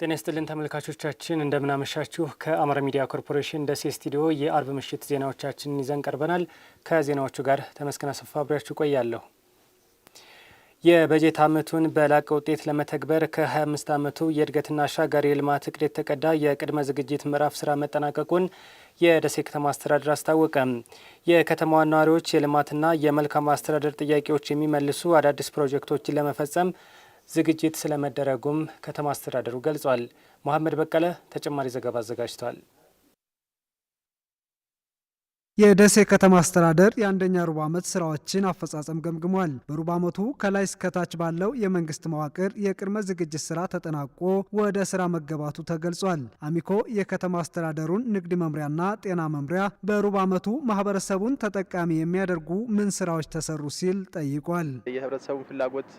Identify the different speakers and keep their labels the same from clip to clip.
Speaker 1: ጤና ይስጥልን ተመልካቾቻችን፣ እንደምናመሻችሁ። ከአማራ ሚዲያ ኮርፖሬሽን ደሴ ስቱዲዮ የአርብ ምሽት ዜናዎቻችንን ይዘን ቀርበናል። ከዜናዎቹ ጋር ተመስገን አሰፋ አብሬያችሁ ቆያለሁ። የበጀት ዓመቱን በላቀ ውጤት ለመተግበር ከ25 ዓመቱ የእድገትና አሻጋሪ ልማት እቅድ የተቀዳ የቅድመ ዝግጅት ምዕራፍ ስራ መጠናቀቁን የደሴ ከተማ አስተዳደር አስታወቀ። የከተማዋ ነዋሪዎች የልማትና የመልካም አስተዳደር ጥያቄዎች የሚመልሱ አዳዲስ ፕሮጀክቶችን ለመፈጸም ዝግጅት ስለመደረጉም ከተማ አስተዳደሩ ገልጿል። መሐመድ በቀለ ተጨማሪ ዘገባ አዘጋጅቷል። የደሴ ከተማ አስተዳደር የአንደኛ ሩብ ዓመት ስራዎችን አፈጻጸም ገምግሟል። በሩብ ዓመቱ ከላይ እስከታች ባለው የመንግስት መዋቅር የቅድመ ዝግጅት ስራ ተጠናቆ ወደ ስራ መገባቱ ተገልጿል። አሚኮ የከተማ አስተዳደሩን ንግድ መምሪያና ጤና መምሪያ በሩብ ዓመቱ ማህበረሰቡን ተጠቃሚ የሚያደርጉ ምን ስራዎች ተሰሩ ሲል ጠይቋል።
Speaker 2: የህብረተሰቡን ፍላጎት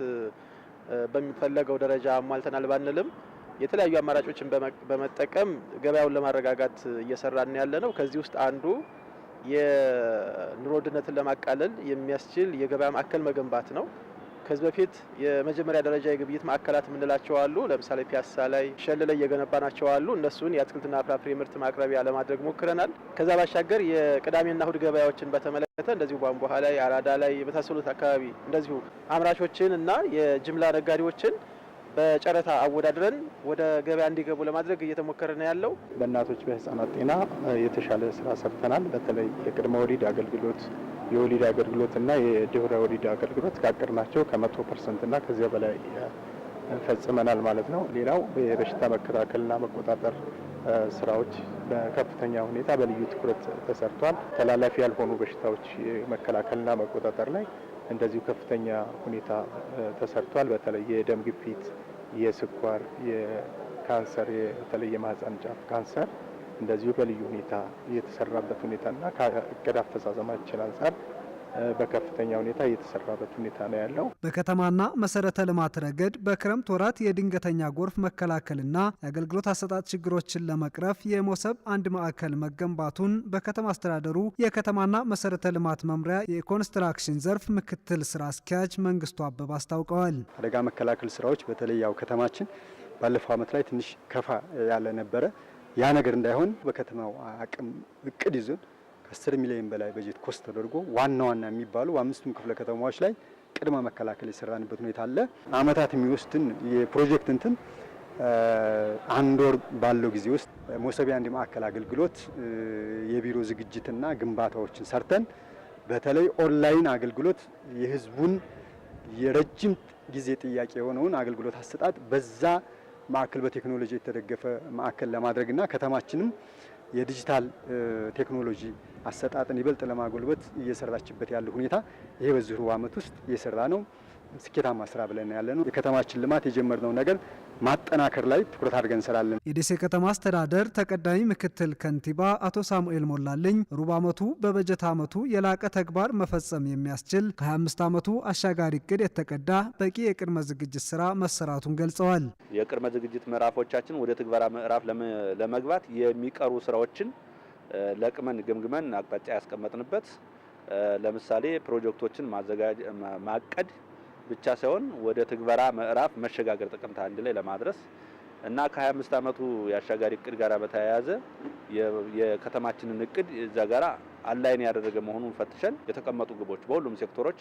Speaker 2: በሚፈለገው ደረጃ አሟልተናል ባንልም የተለያዩ አማራጮችን በመጠቀም ገበያውን ለማረጋጋት እየሰራን ያለ ነው። ከዚህ ውስጥ አንዱ የኑሮ ውድነትን ለማቃለል የሚያስችል የገበያ ማዕከል መገንባት ነው። ከዚህ በፊት የመጀመሪያ ደረጃ የግብይት ማዕከላት የምንላቸው አሉ። ለምሳሌ ፒያሳ ላይ፣ ሸል ላይ እየገነባ ናቸው አሉ። እነሱን የአትክልትና ፍራፍሬ ምርት ማቅረቢያ ለማድረግ ሞክረናል። ከዛ ባሻገር የቅዳሜና እሁድ ገበያዎችን በተመለከተ እንደዚሁ ቧንቧ ላይ፣ አራዳ ላይ የመሳሰሉት አካባቢ እንደዚሁ አምራቾችን እና የጅምላ ነጋዴዎችን በጨረታ አወዳድረን ወደ ገበያ እንዲገቡ ለማድረግ እየተሞከረ ነው ያለው።
Speaker 3: በእናቶች በህፃናት ጤና የተሻለ ስራ ሰርተናል። በተለይ የቅድመ ወሊድ አገልግሎት፣ የወሊድ እና የድህረ ወሊድ አገልግሎት ካቀድናቸው ከመቶ እና ከዚያ በላይ ፈጽመናል ማለት ነው። ሌላው የበሽታ መከላከልና መቆጣጠር ስራዎች በከፍተኛ ሁኔታ በልዩ ትኩረት ተሰርቷል። ተላላፊ ያልሆኑ በሽታዎች መከላከልና መቆጣጠር ላይ እንደዚሁ ከፍተኛ ሁኔታ ተሰርቷል። በተለይ የደም ግፊት የስኳር፣ የካንሰር፣ የተለየ ማህፀን ጫፍ ካንሰር እንደዚሁ በልዩ ሁኔታ የተሰራበት ሁኔታና ከእቅድ አፈጻጸማችን አንጻር በከፍተኛ ሁኔታ እየተሰራበት ሁኔታ ነው ያለው።
Speaker 1: በከተማና መሰረተ ልማት ረገድ በክረምት ወራት የድንገተኛ ጎርፍ መከላከልና የአገልግሎት አሰጣጥ ችግሮችን ለመቅረፍ የሞሰብ አንድ ማዕከል መገንባቱን በከተማ አስተዳደሩ የከተማና መሰረተ ልማት መምሪያ የኮንስትራክሽን ዘርፍ ምክትል ስራ አስኪያጅ መንግስቱ አበብ አስታውቀዋል።
Speaker 2: አደጋ መከላከል ስራዎች በተለይ ያው ከተማችን ባለፈው ዓመት ላይ ትንሽ ከፋ ያለ ነበረ። ያ ነገር እንዳይሆን በከተማው አቅም እቅድ ይዞን ከ10 ሚሊዮን በላይ በጀት ኮስት ተደርጎ ዋና ዋና የሚባሉ አምስቱም ክፍለ ከተማዎች ላይ ቅድመ መከላከል የሰራንበት ሁኔታ አለ። አመታት የሚወስድን የፕሮጀክት እንትን አንድ ወር ባለው ጊዜ ውስጥ ሞሰቢያ አንድ ማዕከል አገልግሎት የቢሮ ዝግጅትና ግንባታዎችን ሰርተን በተለይ ኦንላይን አገልግሎት የህዝቡን የረጅም ጊዜ ጥያቄ የሆነውን አገልግሎት አሰጣጥ በዛ ማዕከል በቴክኖሎጂ የተደገፈ ማዕከል ለማድረግና ከተማችንም የዲጂታል ቴክኖሎጂ አሰጣጥን ይበልጥ ለማጎልበት እየሰራችበት ያለው ሁኔታ ይሄ በዚሁ ዓመት ውስጥ እየሰራ ነው። ስኬታማ ስራ ብለን ያለ ነው። የከተማችን ልማት የጀመርነው ነገር ማጠናከር ላይ ትኩረት አድርገን እንሰራለን።
Speaker 1: የደሴ ከተማ አስተዳደር ተቀዳሚ ምክትል ከንቲባ አቶ ሳሙኤል ሞላልኝ ሩብ ዓመቱ በበጀት ዓመቱ የላቀ ተግባር መፈጸም የሚያስችል ከ25 ዓመቱ አሻጋሪ እቅድ የተቀዳ በቂ የቅድመ ዝግጅት ስራ መሰራቱን ገልጸዋል።
Speaker 4: የቅድመ ዝግጅት ምዕራፎቻችን ወደ ትግበራ ምዕራፍ ለመግባት የሚቀሩ ስራዎችን ለቅመን ግምግመን አቅጣጫ ያስቀመጥንበት ለምሳሌ ፕሮጀክቶችን ማቀድ ብቻ ሳይሆን ወደ ትግበራ ምዕራፍ መሸጋገር ጥቅምት አንድ ላይ ለማድረስ እና ከ25 ዓመቱ የአሻጋሪ እቅድ ጋር በተያያዘ የከተማችንን እቅድ እዛ ጋር አላይን ያደረገ መሆኑን ፈትሸን የተቀመጡ ግቦች በሁሉም ሴክተሮች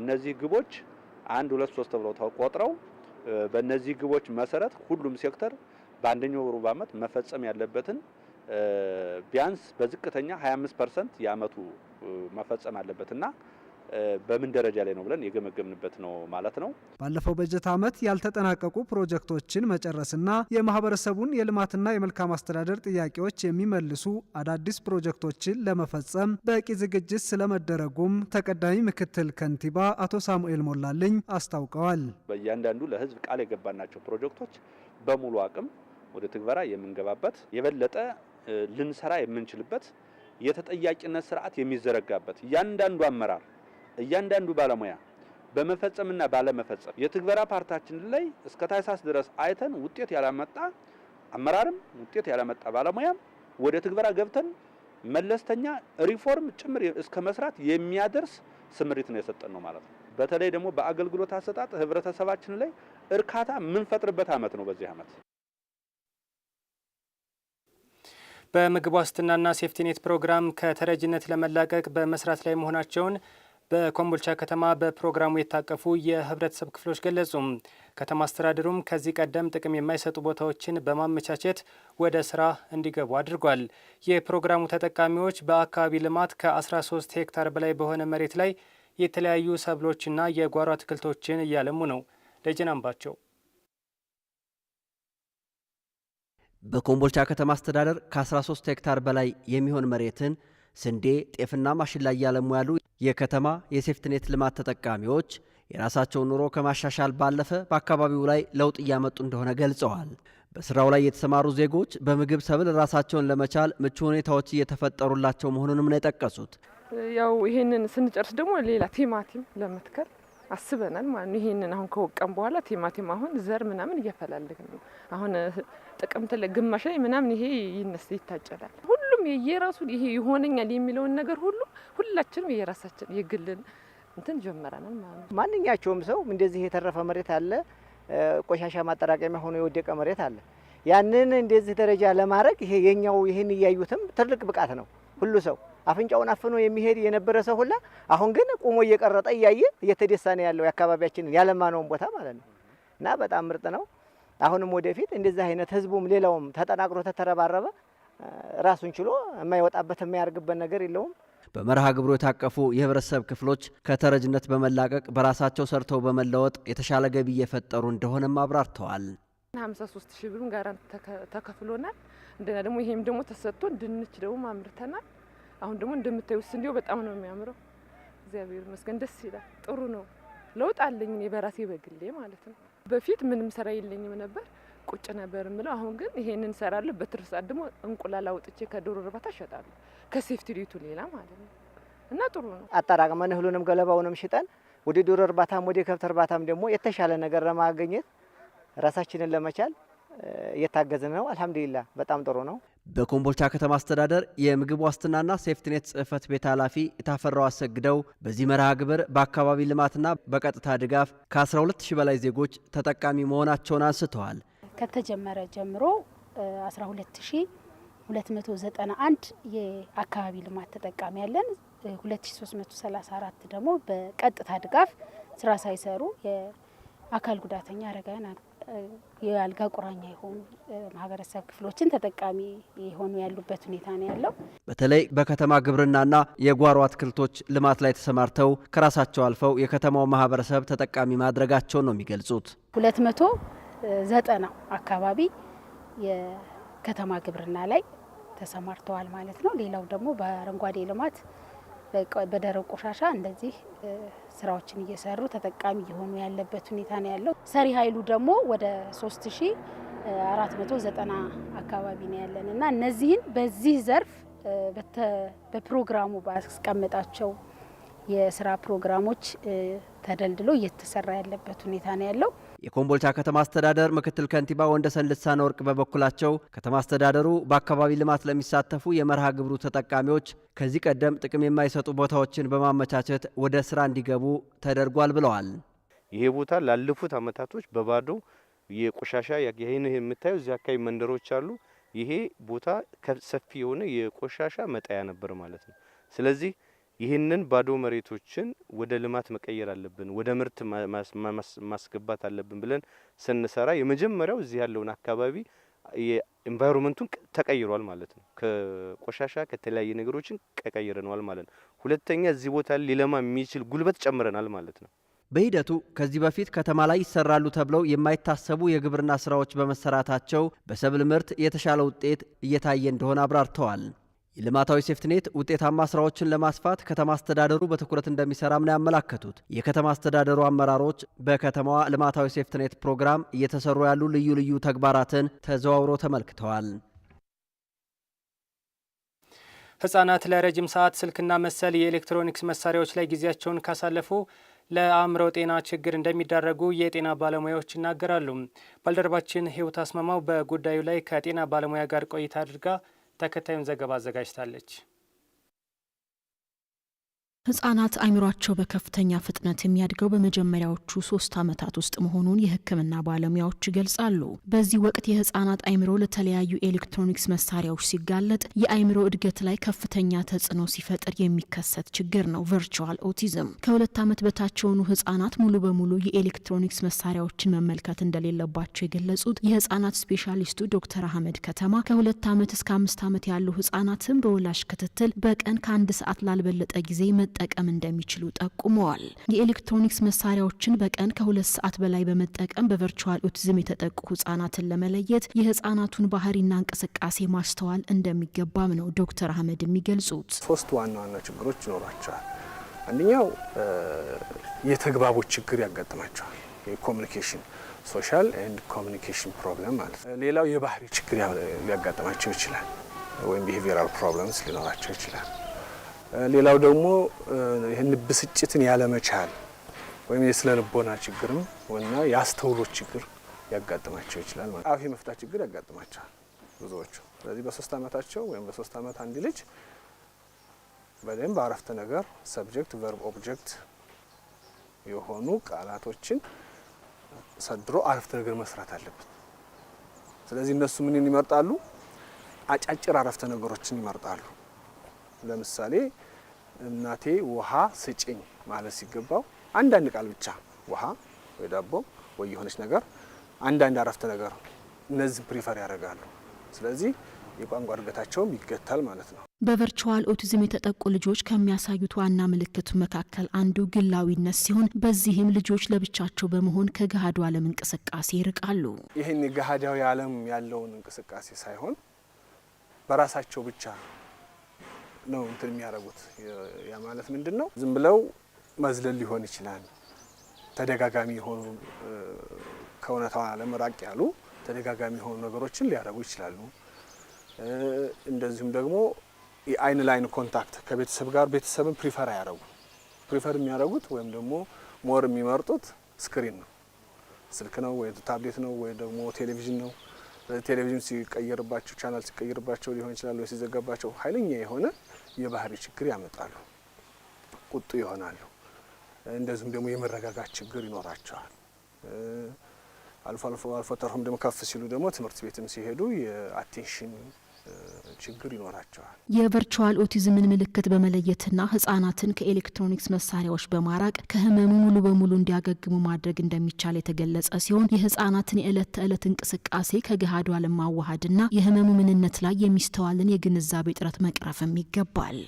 Speaker 4: እነዚህ ግቦች አንድ ሁለት ሶስት ተብለው ተቆጥረው በእነዚህ ግቦች መሰረት ሁሉም ሴክተር በአንደኛው ሩብ ዓመት መፈጸም ያለበትን ቢያንስ በዝቅተኛ 25 ፐርሰንት የአመቱ መፈጸም አለበትና በምን ደረጃ ላይ ነው ብለን የገመገምንበት ነው ማለት ነው።
Speaker 1: ባለፈው በጀት ዓመት ያልተጠናቀቁ ፕሮጀክቶችን መጨረስና የማህበረሰቡን የልማትና የመልካም አስተዳደር ጥያቄዎች የሚመልሱ አዳዲስ ፕሮጀክቶችን ለመፈጸም በቂ ዝግጅት ስለመደረጉም ተቀዳሚ ምክትል ከንቲባ አቶ ሳሙኤል ሞላልኝ አስታውቀዋል።
Speaker 4: በእያንዳንዱ ለህዝብ ቃል የገባናቸው ፕሮጀክቶች በሙሉ አቅም ወደ ትግበራ የምንገባበት የበለጠ ልንሰራ የምንችልበት የተጠያቂነት ስርዓት የሚዘረጋበት እያንዳንዱ አመራር እያንዳንዱ ባለሙያ በመፈጸምና ባለመፈጸም የትግበራ ፓርታችን ላይ እስከ ታህሳስ ድረስ አይተን ውጤት ያላመጣ አመራርም ውጤት ያላመጣ ባለሙያም ወደ ትግበራ ገብተን መለስተኛ ሪፎርም ጭምር እስከ መስራት የሚያደርስ ስምሪት ነው የሰጠን ነው ማለት ነው። በተለይ ደግሞ በአገልግሎት አሰጣጥ ህብረተሰባችን ላይ እርካታ የምንፈጥርበት ዓመት ነው በዚህ አመት
Speaker 1: በምግብ ዋስትናና ሴፍቲኔት ፕሮግራም ከተረጅነት ለመላቀቅ በመስራት ላይ መሆናቸውን በኮምቦልቻ ከተማ በፕሮግራሙ የታቀፉ የህብረተሰብ ክፍሎች ገለጹ። ከተማ አስተዳደሩም ከዚህ ቀደም ጥቅም የማይሰጡ ቦታዎችን በማመቻቸት ወደ ስራ እንዲገቡ አድርጓል። የፕሮግራሙ ተጠቃሚዎች በአካባቢ ልማት ከ13 ሄክታር በላይ በሆነ መሬት ላይ የተለያዩ ሰብሎችና የጓሮ አትክልቶችን እያለሙ ነው። ደጀናምባቸው በኮምቦልቻ ከተማ አስተዳደር ከ13 ሄክታር በላይ የሚሆን መሬትን ስንዴ፣ ጤፍና ማሽላ እያለሙ ያሉ የከተማ የሴፍትኔት ልማት ተጠቃሚዎች የራሳቸውን ኑሮ ከማሻሻል ባለፈ በአካባቢው ላይ ለውጥ እያመጡ እንደሆነ ገልጸዋል። በስራው ላይ የተሰማሩ ዜጎች በምግብ ሰብል ራሳቸውን ለመቻል ምቹ ሁኔታዎች እየተፈጠሩላቸው መሆኑንም ነው የጠቀሱት።
Speaker 5: ያው ይህንን ስንጨርስ ደግሞ ሌላ ቲማቲም ለመትከል አስበናል ማለት ነው። ይህንን አሁን ከወቀም በኋላ ቲማቲም አሁን ዘር ምናምን እየፈላለግ ነው። አሁን ጥቅምት ግማሽ ላይ ምናምን ይሄ ይነስ ይታጨላል። ሁሉም የየራሱ ይሄ ይሆነኛል የሚለውን ነገር ሁሉ ሁላችንም የየራሳችን የግልን እንትን ጀመረናል ማለት
Speaker 6: ነው። ማንኛቸውም ሰው እንደዚህ የተረፈ መሬት አለ፣ ቆሻሻ ማጠራቀሚያ ሆኖ የወደቀ መሬት አለ። ያንን እንደዚህ ደረጃ ለማድረግ ይሄ የኛው ይህን እያዩትም ትልቅ ብቃት ነው። ሁሉ ሰው አፍንጫውን አፍኖ የሚሄድ የነበረ ሰው ሁላ አሁን ግን ቁሞ እየቀረጠ እያየ እየተደሳ ነው ያለው የአካባቢያችንን ያለማነውን ቦታ ማለት ነው። እና በጣም ምርጥ ነው። አሁንም ወደፊት እንደዚህ አይነት ህዝቡም ሌላውም ተጠናቅሮ ተተረባረበ ራሱን ችሎ የማይወጣበት የማያርግበት ነገር የለውም።
Speaker 1: በመርሃ ግብሩ የታቀፉ የህብረተሰብ ክፍሎች ከተረጅነት በመላቀቅ በራሳቸው ሰርተው በመለወጥ የተሻለ ገቢ እየፈጠሩ እንደሆነም አብራርተዋል።
Speaker 7: ሶስት ሺህ ብሩን ጋራ ተከፍሎናል። እንደና ደግሞ ይሄም ደግሞ ተሰጥቶ ድንች ደግሞ አምርተናል። አሁን ደግሞ እንደምታዩት ስንዴው በጣም ነው የሚያምረው። እግዚአብሔር ይመስገን፣ ደስ ይላል። ጥሩ ነው። ለውጥ አለኝ እኔ በራሴ በግሌ ማለት ነው። በፊት ምንም ስራ የለኝም ነበር ቁጭ ነበር የምለው። አሁን ግን ይሄን እንሰራለሁ። በትርፍ ሰዓት ደግሞ እንቁላል አውጥቼ ከዶሮ እርባታ እሸጣለሁ፣ ከሴፍቲ ሪቱ ሌላ ማለት ነው። እና ጥሩ ነው።
Speaker 6: አጠራቅመን እህሉንም ገለባውንም ሽጠን ወደ ዶሮ እርባታም ወደ ከብት እርባታም ደግሞ የተሻለ ነገር ለማገኘት ራሳችንን ለመቻል እየታገዝን ነው። አልሐምዱሊላ በጣም ጥሩ ነው።
Speaker 1: በኮምቦልቻ ከተማ አስተዳደር የምግብ ዋስትናና ሴፍትኔት ጽህፈት ቤት ኃላፊ የታፈራው አሰግደው በዚህ መርሃ ግብር በአካባቢ ልማትና በቀጥታ ድጋፍ ከ12000 በላይ ዜጎች ተጠቃሚ መሆናቸውን አንስተዋል።
Speaker 8: ከተጀመረ ጀምሮ 12291 የአካባቢ ልማት ተጠቃሚ ያለን 2334 ደግሞ በቀጥታ ድጋፍ ስራ ሳይሰሩ የአካል ጉዳተኛ አረጋውያን የአልጋ ቁራኛ የሆኑ ማህበረሰብ ክፍሎችን ተጠቃሚ የሆኑ ያሉበት ሁኔታ ነው ያለው።
Speaker 1: በተለይ በከተማ ግብርናና የጓሮ አትክልቶች ልማት ላይ ተሰማርተው ከራሳቸው አልፈው የከተማው ማህበረሰብ ተጠቃሚ ማድረጋቸው ነው የሚገልጹት
Speaker 8: ሁለት መቶ ዘጠና አካባቢ የከተማ ግብርና ላይ ተሰማርተዋል ማለት ነው። ሌላው ደግሞ በአረንጓዴ ልማት በደረቅ ቆሻሻ እንደዚህ ስራዎችን እየሰሩ ተጠቃሚ እየሆኑ ያለበት ሁኔታ ነው ያለው። ሰሪ ኃይሉ ደግሞ ወደ 3490 አካባቢ ነው ያለን እና እነዚህን በዚህ ዘርፍ በፕሮግራሙ ባስቀመጣቸው የስራ ፕሮግራሞች ተደልድሎ እየተሰራ ያለበት ሁኔታ ነው ያለው።
Speaker 1: የኮምቦልቻ ከተማ አስተዳደር ምክትል ከንቲባ ወንደሰን ልሳነ ወርቅ በበኩላቸው ከተማ አስተዳደሩ በአካባቢ ልማት ለሚሳተፉ የመርሃ ግብሩ ተጠቃሚዎች ከዚህ ቀደም ጥቅም የማይሰጡ ቦታዎችን በማመቻቸት ወደ ስራ እንዲገቡ ተደርጓል ብለዋል።
Speaker 4: ይሄ ቦታ ላለፉት አመታቶች በባዶ የቆሻሻ ይህን የምታዩ እዚህ አካባቢ መንደሮች አሉ። ይሄ ቦታ ሰፊ የሆነ የቆሻሻ መጣያ ነበር ማለት ነው። ስለዚህ ይህንን ባዶ መሬቶችን ወደ ልማት መቀየር አለብን፣ ወደ ምርት ማስገባት አለብን ብለን ስንሰራ የመጀመሪያው እዚህ ያለውን አካባቢ ኤንቫይሮንመንቱን ተቀይሯል ማለት ነው። ከቆሻሻ ከተለያየ ነገሮችን ቀቀይረነዋል ማለት ነው። ሁለተኛ እዚህ ቦታ ሊለማ የሚችል ጉልበት ጨምረናል ማለት ነው።
Speaker 1: በሂደቱ ከዚህ በፊት ከተማ ላይ ይሰራሉ ተብለው የማይታሰቡ የግብርና ስራዎች በመሰራታቸው በሰብል ምርት የተሻለ ውጤት እየታየ እንደሆነ አብራርተዋል። የልማታዊ ሴፍትኔት ውጤታማ ስራዎችን ለማስፋት ከተማ አስተዳደሩ በትኩረት እንደሚሰራም ነው ያመላከቱት። የከተማ አስተዳደሩ አመራሮች በከተማዋ ልማታዊ ሴፍትኔት ፕሮግራም እየተሰሩ ያሉ ልዩ ልዩ ተግባራትን ተዘዋውሮ ተመልክተዋል።
Speaker 9: ህጻናት ለረጅም ሰዓት ስልክና መሰል የኤሌክትሮኒክስ መሳሪያዎች ላይ ጊዜያቸውን ካሳለፉ ለአእምሮ ጤና ችግር እንደሚዳረጉ የጤና ባለሙያዎች ይናገራሉ። ባልደረባችን ህይወት አስማማው በጉዳዩ ላይ ከጤና ባለሙያ ጋር ቆይታ አድርጋ ተከታዩን ዘገባ አዘጋጅታለች።
Speaker 10: ህጻናት አይምሯቸው በከፍተኛ ፍጥነት የሚያድገው በመጀመሪያዎቹ ሶስት ዓመታት ውስጥ መሆኑን የሕክምና ባለሙያዎች ይገልጻሉ። በዚህ ወቅት የህጻናት አይምሮ ለተለያዩ ኤሌክትሮኒክስ መሳሪያዎች ሲጋለጥ የአይምሮ እድገት ላይ ከፍተኛ ተጽዕኖ ሲፈጥር የሚከሰት ችግር ነው ቨርቹዋል ኦቲዝም። ከሁለት ዓመት በታች የሆኑ ህጻናት ሙሉ በሙሉ የኤሌክትሮኒክስ መሳሪያዎችን መመልከት እንደሌለባቸው የገለጹት የህጻናት ስፔሻሊስቱ ዶክተር አህመድ ከተማ ከሁለት ዓመት እስከ አምስት ዓመት ያሉ ህጻናትም በወላጅ ክትትል በቀን ከአንድ ሰዓት ላልበለጠ ጊዜ መጠቀም እንደሚችሉ ጠቁመዋል። የኤሌክትሮኒክስ መሳሪያዎችን በቀን ከሁለት ሰዓት በላይ በመጠቀም በቨርቹዋል ኦቲዝም የተጠቁ ህጻናትን ለመለየት የህጻናቱን ባህሪና እንቅስቃሴ ማስተዋል እንደሚገባም ነው ዶክተር አህመድ የሚገልጹት።
Speaker 11: ሶስት ዋና ዋና ችግሮች ይኖራቸዋል። አንደኛው የተግባቦች ችግር ያጋጥማቸዋል። የኮሚኒኬሽን ሶሻል ኤንድ ኮሚኒኬሽን ፕሮብለም ማለት ነው። ሌላው የባህሪ ችግር ሊያጋጥማቸው ይችላል፣ ወይም ቢሄቪራል ፕሮብለምስ ሊኖራቸው ይችላል። ሌላው ደግሞ ይህን ብስጭትን ያለመቻል ወይም የስነ ልቦና ችግርም እና የአስተውሎት ችግር ያጋጥማቸው ይችላል ማለት አፍ የመፍታት ችግር ያጋጥማቸዋል ብዙዎቹ። ስለዚህ በሶስት አመታቸው ወይም በሶስት አመት አንድ ልጅ በደንብ አረፍተ ነገር ሰብጀክት፣ ቨርብ፣ ኦብጀክት የሆኑ ቃላቶችን ሰድሮ አረፍተ ነገር መስራት አለበት። ስለዚህ እነሱ ምንን ይመርጣሉ? አጫጭር አረፍተ ነገሮችን ይመርጣሉ። ለምሳሌ እናቴ ውሃ ስጭኝ ማለት ሲገባው አንዳንድ ቃል ብቻ ውሃ ወይ ዳቦ ወይ የሆነች ነገር አንዳንድ አረፍተ ነገር እነዚህ ፕሪፈር ያደርጋሉ። ስለዚህ የቋንቋ እድገታቸውም ይገታል ማለት ነው።
Speaker 12: በቨርቹዋል ኦቲዝም የተጠቁ ልጆች ከሚያሳዩት ዋና ምልክት መካከል አንዱ ግላዊነት ሲሆን በዚህም ልጆች ለብቻቸው በመሆን ከገሃዱ ዓለም እንቅስቃሴ ይርቃሉ።
Speaker 11: ይህን የገሃዳዊ ዓለም ያለውን እንቅስቃሴ ሳይሆን በራሳቸው ብቻ ነው እንትን የሚያደርጉት። ያ ማለት ምንድን ነው? ዝም ብለው መዝለል ሊሆን ይችላል። ተደጋጋሚ የሆኑ ከእውነታው ዓለም ራቅ ያሉ ተደጋጋሚ የሆኑ ነገሮችን ሊያደርጉ ይችላሉ። እንደዚሁም ደግሞ የአይን ላይን ኮንታክት ከቤተሰብ ጋር ቤተሰብን ፕሪፈር አያደርጉ ፕሪፈር የሚያደርጉት ወይም ደግሞ ሞር የሚመርጡት ስክሪን ነው። ስልክ ነው ወይ ታብሌት ነው ወይ ደግሞ ቴሌቪዥን ነው። ቴሌቪዥን ሲቀየርባቸው ቻናል ሲቀየርባቸው ሊሆን ይችላል ወይ ሲዘጋባቸው ኃይለኛ የሆነ የባህሪ ችግር ያመጣሉ፣ ቁጡ ይሆናሉ። እንደዚሁም ደግሞ የመረጋጋት ችግር ይኖራቸዋል። አልፎ አልፎ አልፎ ተርፎም ደግሞ ከፍ ሲሉ ደግሞ ትምህርት ቤትም ሲሄዱ የአቴንሽን ችግር ይኖራቸዋል።
Speaker 12: የቨርቹዋል ኦቲዝምን ምልክት በመለየትና ህጻናትን ከኤሌክትሮኒክስ መሳሪያዎች በማራቅ ከህመሙ ሙሉ በሙሉ እንዲያገግሙ ማድረግ እንደሚቻል የተገለጸ ሲሆን የህጻናትን የዕለት ተዕለት እንቅስቃሴ ከገሃዱ ዓለም ማዋሃድና የህመሙ ምንነት ላይ የሚስተዋልን የግንዛቤ ጥረት መቅረፍም ይገባል።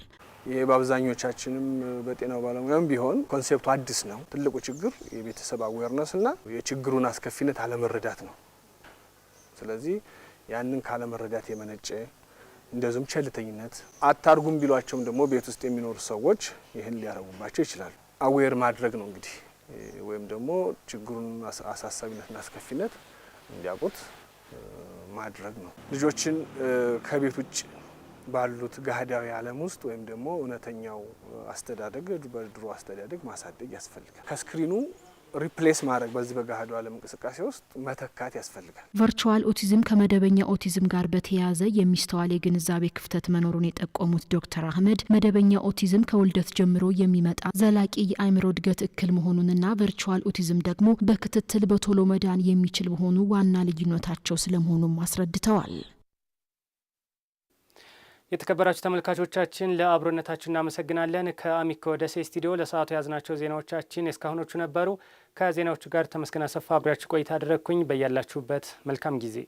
Speaker 11: ይሄ በአብዛኞቻችንም በጤናው ባለሙያም ቢሆን ኮንሴፕቱ አዲስ ነው። ትልቁ ችግር የቤተሰብ አዌርነስና የችግሩን አስከፊነት አለመረዳት ነው። ስለዚህ ያንን ካለመረዳት የመነጨ እንደዚሁም ቸልተኝነት፣ አታርጉም ቢሏቸውም ደግሞ ቤት ውስጥ የሚኖሩ ሰዎች ይህን ሊያረጉባቸው ይችላሉ። አዌር ማድረግ ነው እንግዲህ ወይም ደግሞ ችግሩን አሳሳቢነትና አስከፊነት እንዲያውቁት ማድረግ ነው። ልጆችን ከቤት ውጭ ባሉት ጋህዳዊ ዓለም ውስጥ ወይም ደግሞ እውነተኛው አስተዳደግ በድሮ አስተዳደግ ማሳደግ ያስፈልጋል። ከስክሪኑ ሪፕሌስ ማድረግ በዚህ በገሃዱ ዓለም እንቅስቃሴ ውስጥ መተካት ያስፈልጋል።
Speaker 12: ቨርቹዋል ኦቲዝም ከመደበኛ ኦቲዝም ጋር በተያያዘ የሚስተዋል የግንዛቤ ክፍተት መኖሩን የጠቆሙት ዶክተር አህመድ መደበኛ ኦቲዝም ከውልደት ጀምሮ የሚመጣ ዘላቂ የአእምሮ እድገት እክል መሆኑንና ቨርቹዋል ኦቲዝም ደግሞ በክትትል በቶሎ መዳን የሚችል መሆኑ ዋና ልዩነታቸው ስለመሆኑም አስረድተዋል።
Speaker 1: የተከበራችሁ ተመልካቾቻችን ለአብሮነታችሁ እናመሰግናለን። ከአሚኮ ደሴ ስቱዲዮ ለሰዓቱ የያዝናቸው ዜናዎቻችን የእስካሁኖቹ ነበሩ። ከዜናዎቹ ጋር ተመስገን አሰፋ አብሪያችሁ ቆይታ አደረግኩኝ። በያላችሁበት መልካም ጊዜ